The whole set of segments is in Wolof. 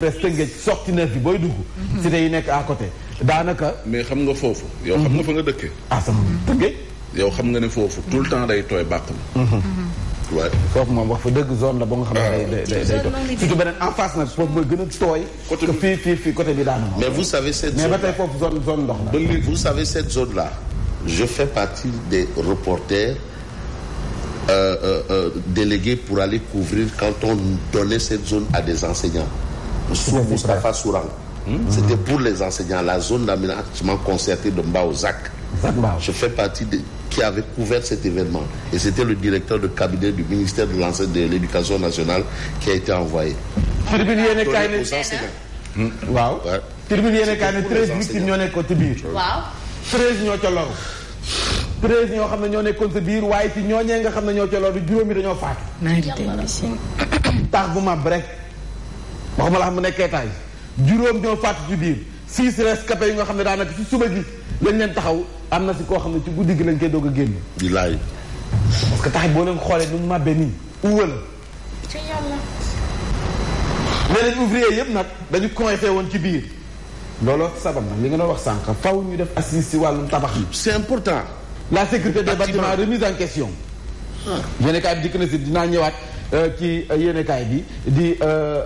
presse Tëngéej sorti na fi booy dugg. Mhm. cité yi nekk à côté daanaka. mais xam nga foofu. yow xam nga fa nga dëkke ah sama Tëngéej. yow xam nga ne foofu tout le temps day tooy bàq la. waaye mhm. foofu moom wax fa dëgg zone la ba nga xam ne ah. day day day foofu mooy gën a tooy. côté bi fii fii fii côté bi daanaka. mais vous savez cette zone là mais ba tey foofu zone zone ndox la. ba léegi vous savez cette zone là. je fais partie des reporters. Euh, euh, euh, délégués pour aller couvrir quand on donnait cette zone à des enseignants. sous Moustapha Sourang hmm? c'était pour les enseignants la zone d'aménagement concerté de Mbaozac je fais partie de qui avait couvert cet événement et c'était le directeur de cabinet du ministère de l'enseignement de l'éducation nationale qui a été envoyé tribune yéen a kaay ne hmm? waaw tribune yéen a kaay ñoo nekkoon ci biir waaw treize ñoo ñoo ne ñoo nekkoon ci xam ne ñoo ca loru juróomi dañoo faatu tarf bu ma brek waxuma la xam ne nekk étage juróom ñoo faatu ci biir six rescapés yi nga xam ne daan daanaka ci suba gi lañ leen taxaw am na si koo xam ne ci guddi gi lañ koy doog a génn. di laay. parce que tax boo leen xoolee nu mu màbbee nii uwa la. ci yàlla. ouvrier yëpp nag dañu coincé woon ci biir. looloo sabab nag li nga doon wax sànq faw ñu def assise si wàllum tabax yi. c'est important. la sécurité des bâtiments remise en question. Ah. yéenekaay bi dikk na si dinaa ñëwaat euh, ci euh, yéenekaay bi di. Euh,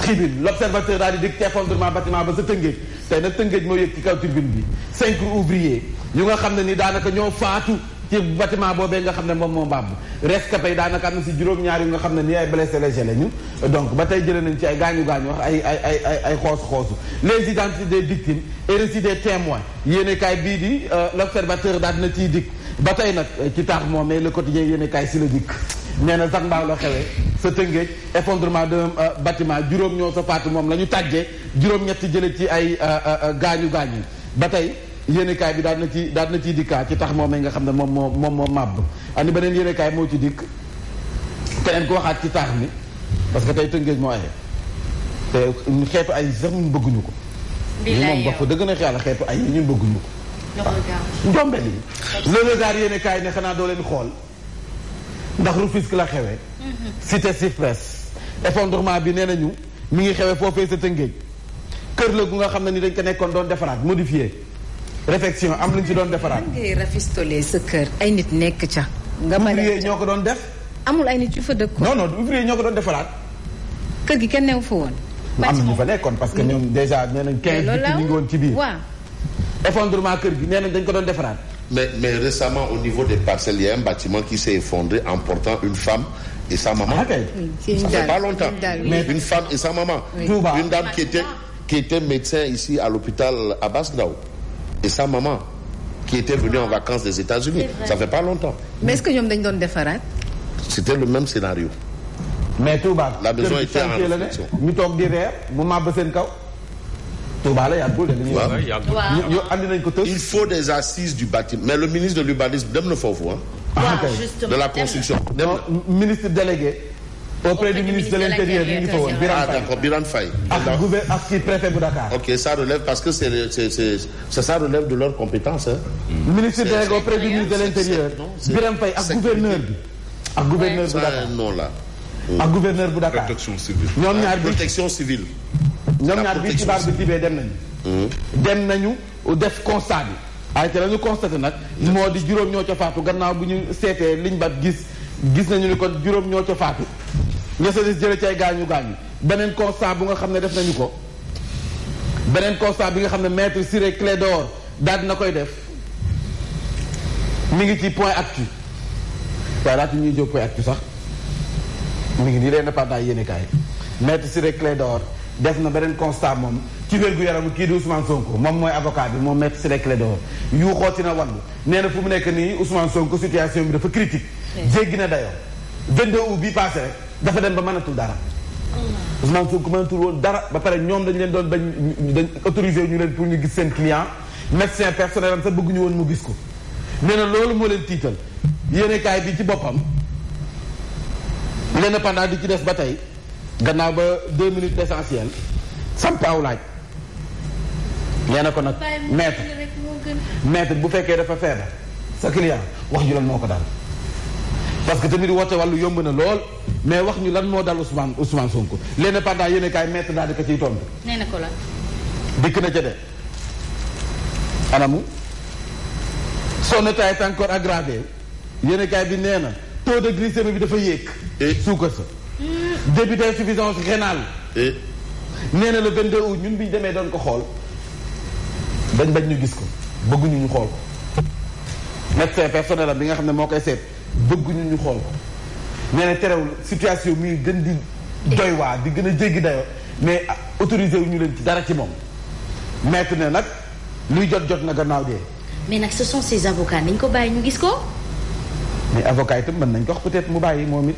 tribune l'observateur daal di dégg effondrement bâtiment ba sa tëngéej tey nag tëngéej moo yëg ci kaw tribune bi cinq ouvriers ñu nga xam ne ni daanaka ñoo faatu ci bâtiment boobee nga xam ne moom moo mbabb rescapé yi daanaka am na si juróom-ñaar yu nga xam ne nii ay blessé léger lañu donc ba tey jëlee nañ ci ay gaañu gaañu wax ay ay ay ay ay xoosu xoosu les identités des victimes et récits des témoins yéene bii di euh, l'observateur daal dina ciy dikk ba tey nag euh, ci taax moomee le quotidien yéene kaay nee na sax mbaaw la xewee sa tëngéej effondrement d'un euh, batiment juróom ñoo sa faatu moom la ñu tàjjee juróom-ñetti jële ci ay euh, euh, gaañu gaañu ba tey yéenekaay bi daal na ci daal na ciy dikkaat ci tax moom nga xam ne moom moo moom moo màbb ani beneen yéenekaay moo ci dikk te keneen ko waxaat ci taax mi parce que tey tëngéej moo aye te xeetu ay sax ñun bëgguñu ko moom wax fa dëgg na xeala xeetu ay ñun bëgguñu ko njombe li le regard yéenekaay ne xanaa doo leen xool ndax Rufisque la xewee. cité Cypres effondrement bi nee nañu mi ngi xewee foofee sa Tëngéej kër la ku nga xam ne ni dañ ko nekkoon doon defaraat modifié réfection am luñ si doon defaraat. ngay rafistolé sa kër ay nit nekk ca. nga mën ouvrier ñoo ko doon def. amul ay nit yu fa dëkkoon. non non ñoo ko doon defaraat. kër kenn newu fa woon. am na ñu fa nekkoon parce que ñoom déjà nee nañ. 15 nit ñi ngi woon ci biir. waaw effondrement kër gi nee nañ dañ ko doon defaraat. Mais, mais récemment, au niveau des parcelles, il y a un bâtiment qui s'est effondré en portant une femme et sa maman. Ah, okay. Ça une fait dalle, pas longtemps. Une, femme et sa maman. Une dame qui était, médecin ici à l'hôpital Abbas Ndao et sa maman qui était venue en ah. vacances des États-Unis. Ça fait pas longtemps. Mais est-ce que ñoom dañ doon defaraat. C'était le même scénario. mais Touba. la maison était en reconstruction. ñu toog di reer mu màbb seen Touba la yàggul de li ñu andi nañ ko tës il faut des assises du bâtiment mais le ministre de l'urbanisme dem na foofu ah, de la construction dem na ministre délégué auprès du ministre de l'intérieur mi ngi fa woon Birane Faye ah d'accord Birane Faye ak gouver ak parce que c'est c'est c'est ça relève de leur compétence hein ministre délégué auprès du ministre de l'intérieur Birane Faye ak gouverneur bi ak gouverneur bu Dakar non là ak gouverneur bu Dakar ñoom ñaar protection civile ñoom ñaar bii xibaar bi tibee dem nañu. Hmm. dem nañu def constat bi. ay te la ñu nag. moo di juróom ñoo ca faatu gannaaw bu ñu seetee liñ ba gis gis nañu ni kon juróom ñoo ca faatu. ña sa des jële ci ay gaañu gaañu beneen constat bu nga xam ne def nañu ko beneen constat bi nga xam ne maître Ciré Clédor daal dina koy def mu ngi ci point actu waaye laata ñuy jóg point actu sax mi ngi nii leen na partaay yéene kaay maître Ciré def na beneen constat moom ci wér-gu-yaramu kii di Ousmane Sonko moom mooy avocat bi moom maître Ciré Clédor yu xooti na wàllu nee na fu mu nekk nii Ousmane Sonko situation bi dafa critique jéggi na dayoo 22 août bii passé rek dafa dem ba mënatul dara mm. Ousmane Sonko mënatul woon dara ba pare ñoom dañ leen doon bañ dañ autorisé ñu leen pour ñu gis seen client médecin personnel am sax bëgguñu woon mu gis ko nee na loolu moo leen tiital yéenekaay bi ci boppam l'indépendant di ci des ba tey gannaaw ba deux minutes essentielles sampaaw laaj nee na ko nag maître maître bu fekkee dafa feebar sa client wax ñu lan moo ko dal parce que tamit wote wàllu yomb na lool mais wax ñu lan moo dal Ousmane Ousmane Sonko l'indépendant yéen kaay maître daal di ko ciy tontu. nee na ko la. dikk na ca de anamu son état est encore aggravé bi nee na taux de glycémie bi dafa yéeg. suukar sa. début d'insuffisance rénale. nee na le 22 août ñun biñ demee doon ko xool dañ bañ ñu gis ko bëgguñu ñu xool ko. médecin personnel am bi nga xam ne moo koy seet bëgguñu ñu xool ko nee terewul situation mi gën di doy waa di gën a jéggi dayoo mais a autorisé wu ñu leen ci dara ci moom maître ne nag luy jot jot na gannaaw dee. mais nag ce sont ces avocats nañ ko bàyyi ñu gis ko. mais avocat itam mën nañ jox wax mu bàyyi moom it.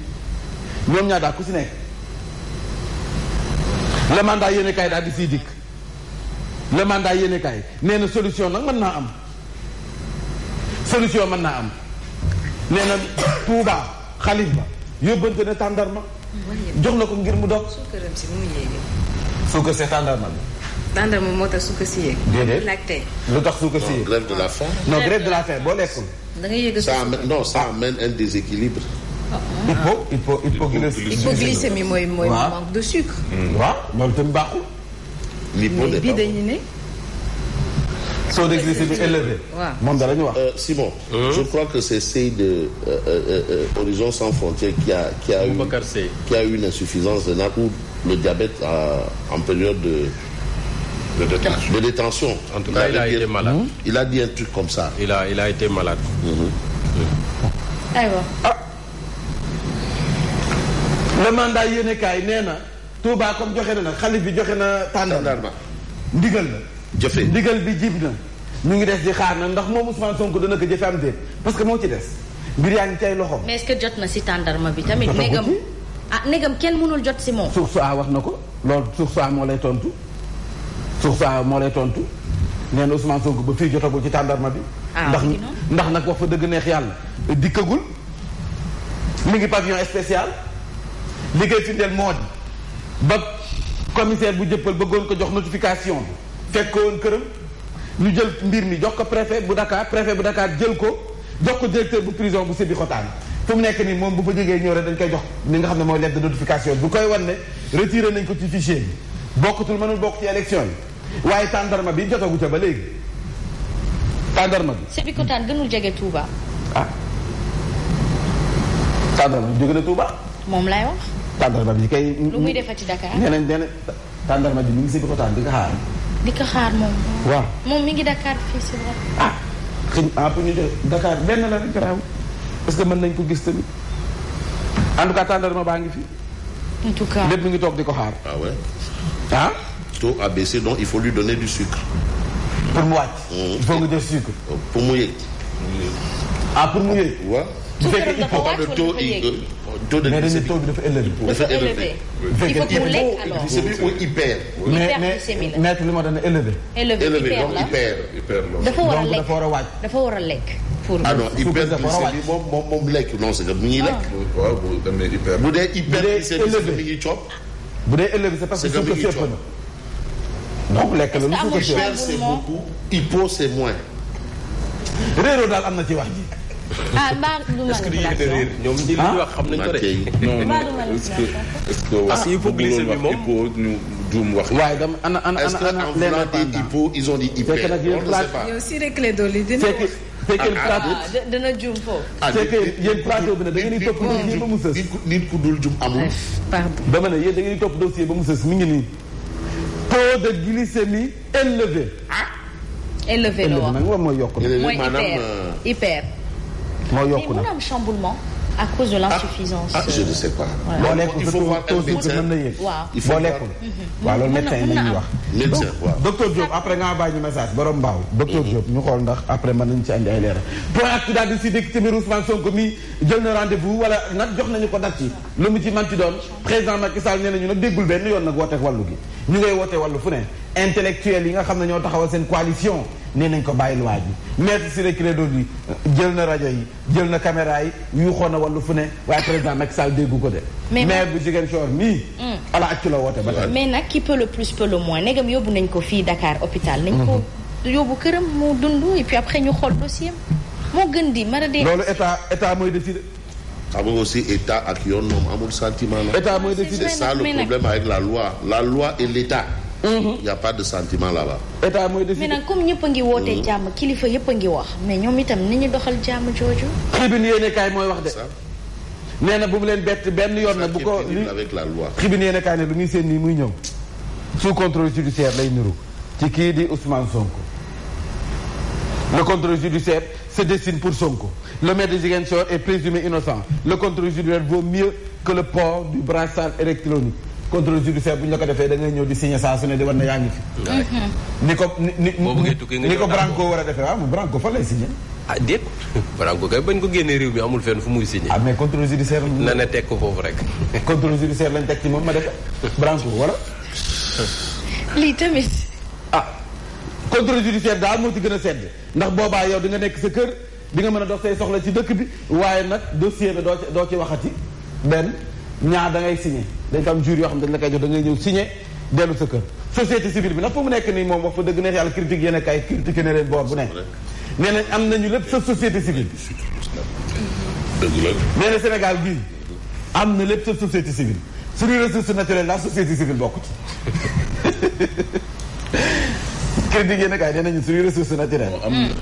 ñoom ñaar daal ku si nekk le mandat daal di siy dikk le mandat yéene na solution nag mën naa am solution mën naa am nee na Touba xalif ba yóbbante na tàndarma jox na ko ngir mu doog. suukaram si mu yéege. suukar si tàndarma bi. tàndarma moo tax suukar si yéeg. déedéet lu tax suukar si yéeg. non grève de la faim. boo lekkul. da ngay a. ça non ça amène un déséquilibre. hypo hypo hypoglycémie mooy mooy manque de sucre. waaw loolu tamit baaxul. lipo wax. Euh, Simon. je crois que c'est Sey de euh, euh, Horizon sans frontières qui a qui a eu qui a eu ou le diabète en période de. de détention de détention. en tout cas il a été malade. Hmm? il a dit un truc comme ça. il a été malade. Hmm. Ah, ah, le mandat yéene kaay nee na Touba comme joxe na nag xalif bi joxe na tàndarma ndigal la jëfe ndigal bi jib na mu ngi des di xaar na ndax moom Ousmane Sonko dana ko jëfe am déet parce que moo ci des mbir yaa ngi cay loxo mais que jot na si tàndarma bi tamit négam ah négam kenn mënul jot si moom su saa wax na ko loolu suuf saa moo lay tontu suuf saa moo lay tontu nee na Ousmane Sonko ba fii jotagul ci tàndarma bi ah, ndax ndax nag wax fa dëgg neex yàlla dikkagul mi ngi li koy firndeel moo di ba commissaire bu jëppal bëggoon ko jox notification fekkoon këram lu jël mbir mi jox ko préfet bu Dakar préfet bu Dakar jël ko jox ko directeur bu prison bu Sébikotane fu mu nekk nii moom bu fa jógee ñëw rek dañ koy jox li nga xam ne mooy lettre de notification bu koy wan ne retiré nañ ko ci fichier bi bokkatul mënul bokk ci élection yi waaye tàndarma bi jotagu ca ba léegi tàndarma bi. Sébikotane gënul jege Touba. ah tàndarma bi na Touba. moom tàndarma bi kay. lu muy defee ci Dakar nee nañ tàndarma bi mu ngi si Sébikotane di ko xaar. di ko xaar moom. waaw moom mi ngi Dakar fii si ah, ah pour ñu que mën nañ ko gis tamit baa ngi fi. en tout ngi toog di ko xaar. Ah ah? a baissé donc il faut lui donner sucre. pour mu wàcc. Mmh. Oh, ah pour mu yëg. taux de glycémie mais dafa élevé. dafa élevé il faut que mu lekk alors glycémie ou hyper. hyperglycémie la mais mais li ma doon élevé. élevé hyper la hyper la dafa war a lekk dafa war a waaj. dafa war a lekk. pour ah non hyperglycémie moom moom moom lekk non c'est que mu ngi ah. lekk. waaw bu demee hyper. bu dee hyperglycémie mi ngi coop. bu dee élevé c'est parce que suuf si ëpp na. donc lekk la lu suuf si ëpp. hyper c'est beaucoup hypo c'est moins. réeroo daal am na ci wax ji. ah mbaa du manipulation est-ce que du yëkkati réer ñoom ñi li ñu wax xam nañ ko de. non non est-ce que est-ce que. parce que il faut glisser bi moom Hippo ñu juum wax. waaye dama ana ana ana ana leen a dit Hippo ils ont dit Hyper. fekk nag yéen plateau yow si rek les dolli dina. fekk yéen plateau dana juum foofu. ah yéen plateau bi nag da ngeen di topp dossier ba mu sës. nit ku dul juum amul. pardon dama ne yéen da ngeen di topp dossier ba mu sës mi ngi nii. taux de glycémie élevé. élevé la wax élevé nag moom mooy yokk. mooy hyper hyper. moo yokk na ne ah, ah, euh, sais pas. boo lekkul sa taux bi mën na yéeg. boo lekkul. Mhm. loolu médecin yi la wax. médecin waaw docteur Diop après nga bàyyi ñu message borom mbaaw. docteur mhm. Diop ñu xool ndax après man nañu ci andi ay leeral. pour ak daal di si dégg ci biir Ousmane jël na rendez-vous wala nag jox nañu ko date ci lu mu ci manti doon président Macky Sall nee nañu nag déggul benn yoon nag wooteek wàllu gi ñu ngay woote wàllu fu ne. intellectuels yi nga xam ne ñoo taxawal seen coalition nee nañ ko bàyyil waa ji maître Ciré Clédor Ly jël na rajo yi jël na caméra yi yuuxoon na wàllu fu ne waaye président Macky Sall déggu ko de. maire bu Ziguinchor nii. Hmm. ala accu la woote ba tey. mais nag qui peut le plus peut le moins ndegam yóbbu nañ ko fii Dakar hôpital. nañ ko hmm. yóbbu këram mu dund et puis après ñu xool dossier moo xam nga aussi état ak yoon moom amul sentiment la. état mooy décider c'est ça le problème avec la loi la loi et l'état Mhm. y' a pas de sentiment là-bas. état comme ñëpp a ngi wootee mhm. jàmm kilifa yëpp a ngi wax mais ñoom itam nañu doxal jàmm jooju. tribune yéenekaay mooy wax de. nee na bu mu leen bett benn yoon na bu ko avec la loi. tribune yéenekaay ne ñuy seen nii muy ñëw sous contrôle judiciaire lay niru ci kii di Ousmane Sonko. le contrôle judiciaire se dessine pour Sonko le maire de Ziguinchor est présumé innocent le contrôle judiciaire vaut mieux que le port du brassard électronique. contrôle judiciaire bu ñu la ko defee dangay ngay ñëw di signé saa su ne di war na yaa ngi fi. Mm-hmm. ni ko ni ni ko Branco war a defee waaw mu Branco fa lay signé. ah déet Branco kay bañ ko génnee réew mi amul fenn fu muy signé. ah mais contrôle judiciaire na ne teg ko foofu rek. contrôle judiciaire lañ teg ci moom ma def Branco wala. lii tamit. ah contrôle judiciaire daal moo ci gën a sedd ndax boobaa yow di nga nekk sa kër di nga mën a dox say soxla ci dëkk bi waaye nag dossier bi doo ci doo ci waxati benn. ñaar da ngay dañ ko am jur yoo xam dañ la koy jox da ngay ñëw signé dellu sa kër société civile bi nag fu mu nekk nii moom wax fa dëgg neex yàlla critique yéen a kaay critique ne leen boor bu nekk nee nañ am nañu lépp sa société civile dëgg la nee Sénégal gii am na lépp sa société civile suñuy ressources naturelles la société civile bokkut critique yéen a kaay nee nañu suñu ressource naturelle.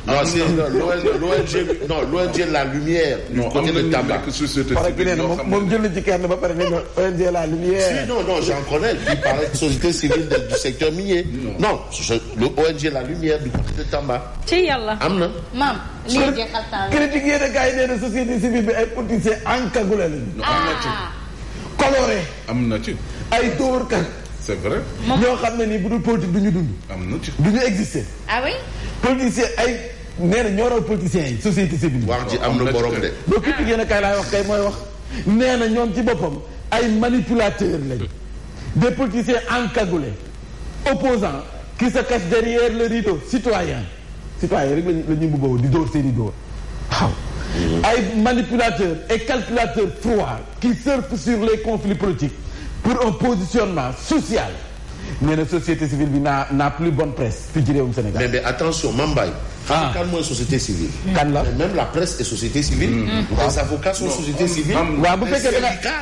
non c'est l'ONG hmm. non ah, l'ONG La Lumière. du côté de Tamba parce que nee na moom jël na ci kenn ba pare nee na ONG La Lumière. si non non j'en connais qui parle société civile du secteur minier. non le ONG La Lumière du côté de Tamba. ci yàlla am na. a bi ay politiciens encagoulé ah. am na ci coloré. am na ci ay dóorkat. c'est vrai. ñoo xam ne nii bu dul politique du ñu dund. am na ci du ñu exister. ah oui. politicien ay nee na ñoo raw politiciens yi société civile. am na borom de. boo képp yéen a kaay laay wax kay mooy wax nee na ñoom ci boppam ay manipulateurs lañ. des politiciens encagoulés opposants qui se cachent derrière le rideau citoyen citoyen rek la ñuy bëggoon di dóor seen i dóor waaw. Mm-hmm. ay manipulateurs et calculateurs froids qui surfent sur les conflits politiques. pour un positionnement social nee na société civile bi plus bonne presse fii ci Sénégal. mais attention Mambaye. ah kan société civile. kan société civile. Hmm. les société civile.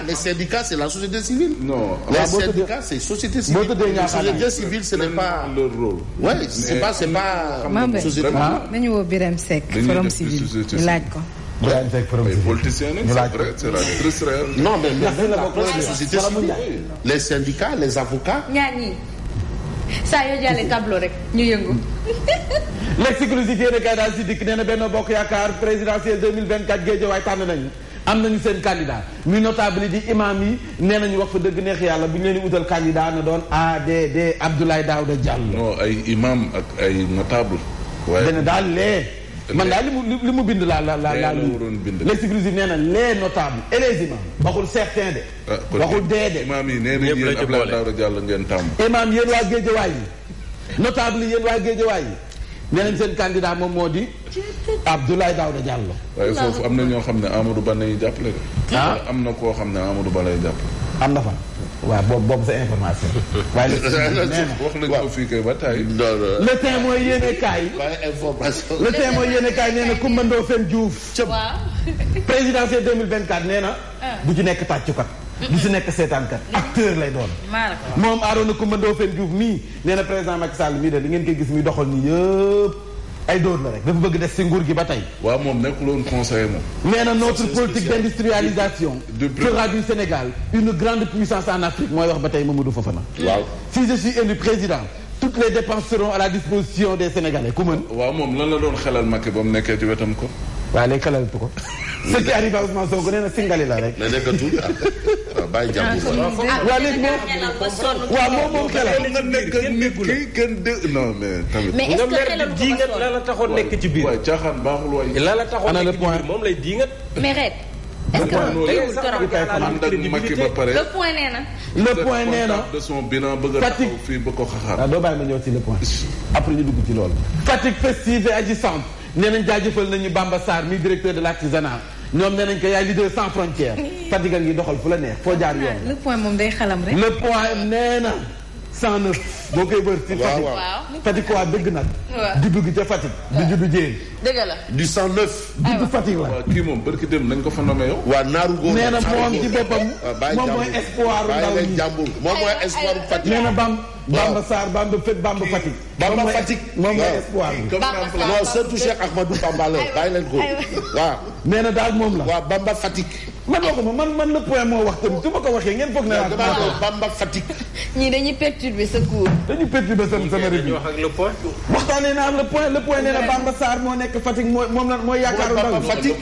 les syndicats c'est la société civile. les syndicats c'est société civile. boo société civile ce pas leur rôle. oui société civile ah. nañu woo Birame Seck. forum civil Birahim Seck forum civil politicien nag c'est vrai c'est la les syndicats les avocats. ñaar saa yoo jàllee tableau rek ñu yëngu. l'exclusivité yéen a kaay daal si dikk nee na benn bokk yaakaar présidentielle 2024 Guédiawaye tànn nañu. am nañu seen candidat muy notable yi di imam yi nee nañu wax fa dëgg neex yàlla bu ñu leen di utal candidat na doon d Abdoulaye Daouda Diallo. non ay imam ak ay notable. waaye benn daal lee. man daal li mu li mu bind laa la la laa lu l'exclusif nee na les notables et les imams waxul certains de ah, waxul dee de imaam yi nee na yéen Abdoulaye Daouda Diallo ngeen tàmm imaam yéen waa Géejawaay yi notable yéen waa Géejawaay yi nee nañ seen candidat moom moo di Abdoulaye Daouda Diallo waaye foofu am na ñoo xam ne Amadou Ba nañu jàppale de ah am na koo xam ne Amadou Ba lay jàppale am na fa waaw boobu boobu sa information. waaye wax nañ ko fii kay ba tey. le temps mooy yéene temps mooy yéene kaay nee na Coumba Ndoffène Diouf. cëb présidentielle 2024 nee na. bu ah. ci nekk tàccukat. du si nekk seetaankat acteur lay doon. moom Arona Coumba Ndoffène Diouf mii nee na président Macky Sall mii de li ngeen koy gis muy doxal nii yëpp. ay dóor la rek dafa bëgg def si nguur gi ba tey. waaw moom nekkul woon conseiller moom. nee na notre politique d'industrialisation. fera du Sénégal une grande puissance en Afrique mooy wax ba tey Mamadou Fofana. waaw si je suis élu président. toutes les dépenses à la disposition des Sénégalais ku mën. waaw moom lan la doon xelal Macky ba mu nekkee ci wetam ko. waaye léegi kalal ko. ce qui arrive à Ousmane Sonko nee singali la rek. mais nekkatul ah bàyyi jàmbur. waaw léegi moom ah, ah, ah, waaw moom moom xelal. nga nekk nit ki gën de non mais tamit. mais est ce que xelal ko nga la la taxoon nekk ci biir. waay caaxaan baaxul waay. la la taxoon nekk ci biir moom lay diingat. mais rek. est ce que teewul dara le point nee na. le point nee na Fatick. ah doo bàyyi ma ñëw ci ñu dugg ci loolu. Fatick festive et nee nañ jaajëfal nañu Bamba Sarr mi directeur de l' artisanat ñoom nee nañ ko yaay leader sans frontières Fadiga ngi doxal fu la neex foo jaar yoon. le point moom day xalam rek. le point nee na. cent neuf boo koy wër ci Fatick Fatick waa dëgg nag juddu gi ca Fatick di juddu jéen dëgg la du cent neuf juddu Fatick la waaw kii moom barki dem nañ ko fa nommé yow waa naaru góor nee na moom ci boppam ah, moom mooy espoir ndaw ñi jàmbur moom mooy espoir Fatick nee na bam Bamba Sarr Bamba Fët Bamba Fatick Bamba Fatick moom mooy espoir Bamba la bàyyi nee na daal moom la Bamba Fatick man waxuma man man le moo wax tamit oh. ma ko waxee ngeen foog ne ah. Bamba Fatick. ñii dañuy perturber sa cours. dañuy perturber sama sama revue. wax waxtaanee naa am le point le point nee na moo nekk Fatick moo moom la mooy yaakaaru ndaw. Fatick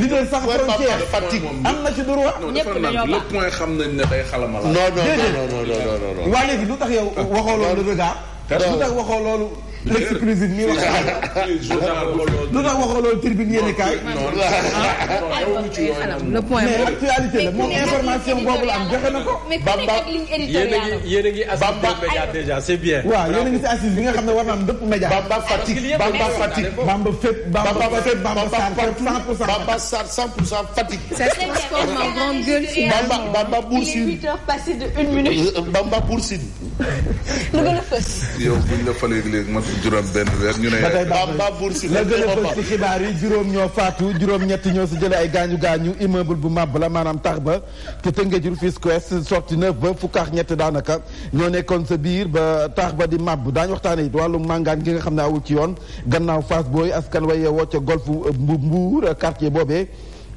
li doon sax frontière Fatick am na ci droit. ñëpp xam nañ ne day xalamal. non non non non non lu tax yow waxoo loolu regard. lu tax waxoo loolu. l'exclusive nii wax lu tax waxoo loolu tribune yéen kaay le point mais actualité la moom information boobu la am joxe na ko bamba yéen a ngi assise des médias déjà c'est bien waaw yéen a ngi si assise bi nga xam ne war na am dëpp média bamba Fatick bamba Fatick bamba fépp bamba fépp bamba sar cent pour cent bamba sar cent pour cent Fatick bamba bamba Bour Sine huit heures passées de une minute euh, bamba Bour Sine lu gën a fës yow buñ la falee léegi juróom benn weer ñu ne. ba tey Babou Sy la gën a fës ci xibaar yi juróom ñoo faatu juróom ñetti ñoo si jëlee ay gaañu gaañu immeuble bu màbb la maanaam tax ba te Tëngéej fi Ouest sorti neuf ba fukk ak ñett daanaka ñoo nekkoon sa biir ba tax ba di màbb daañu waxtaan it wàllum màngaan gi nga xam ne awul ci yoon gannaaw Fass booy askan waye woo ca golf bu Mbuur quartier boobee.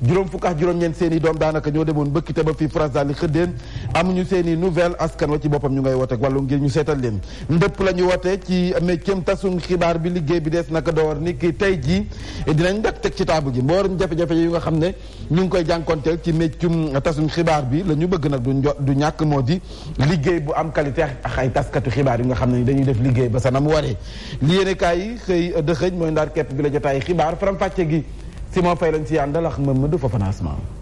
juróom fukk ak juróom-ñeent seeni doom daanaka ñoo demoon bëkkite ba fii France daal di xëddeen amuñu seeni nouvelle askan wa ci boppam ñu ngay woote ak wàllu ngir ñu seetal leen ndëpp la ñu woote ci méccam tasum xibaar bi liggéey bi des naka door ni ki tey jii dinañ teg ci table ji mbooram jafe-jafe nga xam ne ñu ngi koy jànkonteel ci méccum tasum xibaar bi la ñu bëgg nag du ñàkk moo di liggéey bu am qualité ay taskatu xibaar yu nga xam ne dañuy def liggéey ba sa nam waree li yéene kaay yi xëy dëxëñ mooy ndaar kepp bi la jotaay xibaar faram-fàcce gi Simon Faye lañ ci àndal ak Mamadou Fofana Asma